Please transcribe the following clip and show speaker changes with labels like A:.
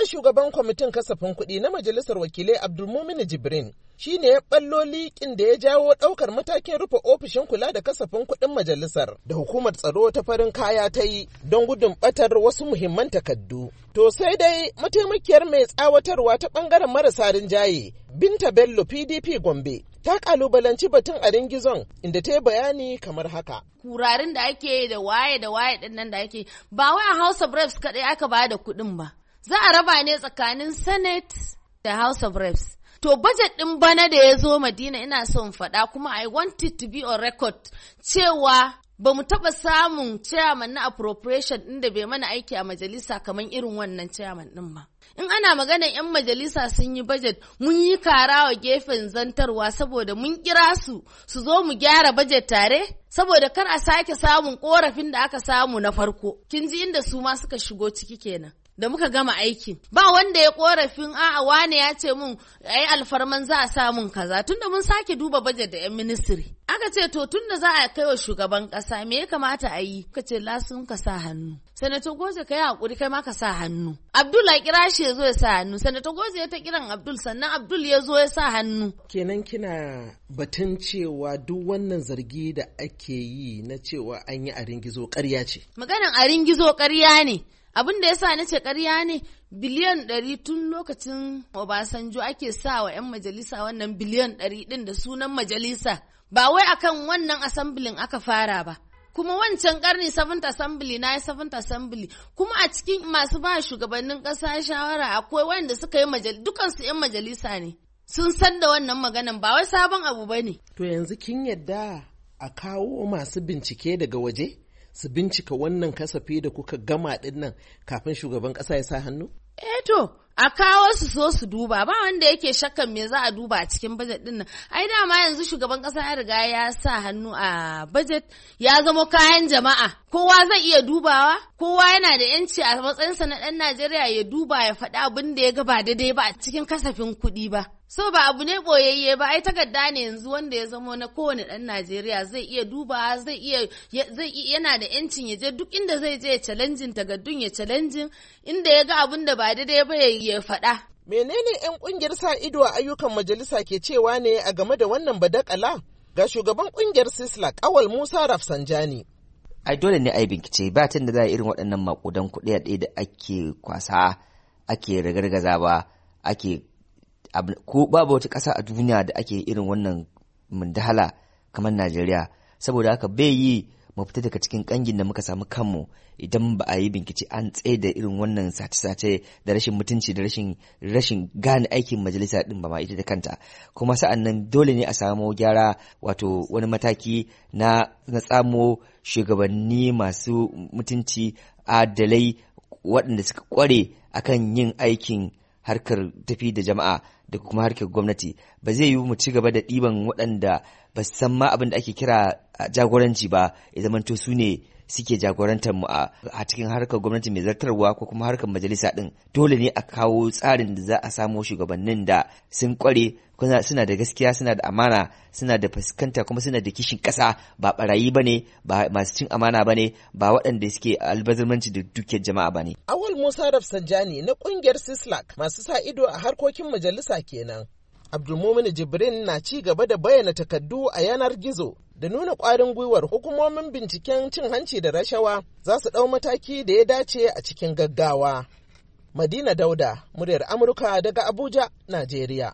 A: tuntuɓi shugaban kwamitin kasafin kuɗi na majalisar wakilai abdulmumin jibrin shi ne ya ɓallo liƙin da ya jawo ɗaukar matakin rufe ofishin kula da kasafin kuɗin majalisar da hukumar tsaro ta farin kaya ta yi don gudun ɓatar wasu muhimman takardu. To sai dai mataimakiyar mai tsawatarwa ta ɓangaren marasa rinjaye Binta Bello PDP Gombe ta kalubalanci batun a ringizon inda ta yi bayani kamar haka.
B: Kurarin da ake da waye da waye ɗin nan da ake ba wai a House of Reps kaɗai aka bada kuɗin ba. za a raba ne tsakanin senate da house of reps to budget din bana da ya zo madina ina son faɗa kuma i want it to be on record cewa ba mu taɓa samun chairman na appropriation ɗin da bai mana aiki a majalisa kamar irin wannan chairman ɗin ba. In ana magana 'yan majalisa sun yi budget mun yi kara wa gefen zantarwa saboda mun kira su su zo mu gyara budget tare saboda kar a sake samun korafin da aka samu na farko. Kin ji inda su ma suka shigo ciki kenan. da muka gama aikin ba wanda ya korafin a'a wane ya ce mun ayi alfarman za a sa mun kaza tunda mun sake duba bajet da yan ministry Aka ce to tun da za a kai wa shugaban kasa me ya kamata a yi? Ka ce lasun ka sa hannu. Sanatan Goje ka yi hakuri kai ma ka sa hannu. Abdul a kira shi ya zo ya sa hannu. Sanatan Goje ya ta kiran Abdul sannan Abdul ya zo ya sa hannu. Kenan
A: kina batun cewa duk wannan zargi da ake yi na cewa an yi a ringizo ƙarya ce.
B: Maganan a ringizo ƙarya ne. abin da ya sa na ce karya ne biliyan ɗari tun lokacin obasanjo ake sa wa 'yan majalisa wannan biliyan ɗari ɗin da sunan majalisa ba wai akan wannan asambilin aka fara ba kuma wancan karni 7th assembly na 7th assembly kuma a cikin masu ba shugabannin kasa shawara akwai wanda suka yi majalisa dukansu 'yan majalisa ne sun san da wannan maganan ba wai sabon abu ba ne
A: to yanzu kin yadda a kawo masu bincike daga waje su bincika wannan kasafi da kuka gama din kafin shugaban kasa ya sa hannu
B: eh to a kawo su so su duba ba wanda yake shakkan me za a duba a cikin bajet din nan ai dama yanzu shugaban kasa ya riga ya sa hannu a bajet ya zama kayan jama'a kowa zai iya dubawa kowa yana da yanci a matsayinsa na ɗan Najeriya ya duba ya faɗi abin da ya ga ba daidai ba a cikin kasafin kuɗi ba so ba abu ne boyayye ba ai takarda ne yanzu wanda ya zamo na kowane ɗan Najeriya zai iya duba zai iya zai yana da yancin ya je duk inda zai je ya ta tagaddun ya challenge inda ya ga abin da ba ba daidai ba ya faɗa.
A: Menene 'yan ƙungiyar sa ido a ayyukan majalisa ke cewa ne a game da wannan badakala? Ga shugaban ƙungiyar Sisla Kawal Musa Rafsanjani.
C: Ai dole ne a yi bincike ba tun da za a irin waɗannan maƙudan kuɗi ɗaya da ake kwasa ake ragargaza ba ake ko babu wata ƙasa a duniya da ake irin wannan mundahala kamar Najeriya saboda haka bai yi mu fita daga cikin kangin da muka samu kanmu idan ba a yi binkici an tsaye da irin wannan sace-sace da rashin mutunci da rashin rashin gane aikin majalisa din ba ma ita da kanta kuma sa'an nan dole ne a samo gyara wato wani mataki na na tsamo shugabanni masu mutunci adalai waɗanda suka kware akan yin aikin harkar tafi da jama'a da kuma harkar gwamnati ba zai yiwu mu ci gaba da ɗiban waɗanda ba san ma abin da ake kira jagoranci ba ya zamanto su ne suke jagorantar mu a cikin harkar gwamnati mai zartarwa ko kuma harkar majalisa din dole ne a kawo tsarin da za a samo shugabannin da sun kware suna da gaskiya suna da amana suna da fuskanta kuma suna da kishin kasa ba barayi ba ne ba masu cin amana ba ne ba waɗanda suke albazirmanci da dukiyar jama'a ba ne.
A: awal musa rafsanjani na ƙungiyar sislak masu sa ido a harkokin majalisa kenan abdulmumin jibrin na ci gaba da bayyana takaddu a yanar gizo da nuna ƙwarin gwiwar hukumomin binciken cin hanci da rashawa za su ɗau mataki da ya dace a cikin gaggawa. Madina Dauda, muryar Amurka daga Abuja, Najeriya.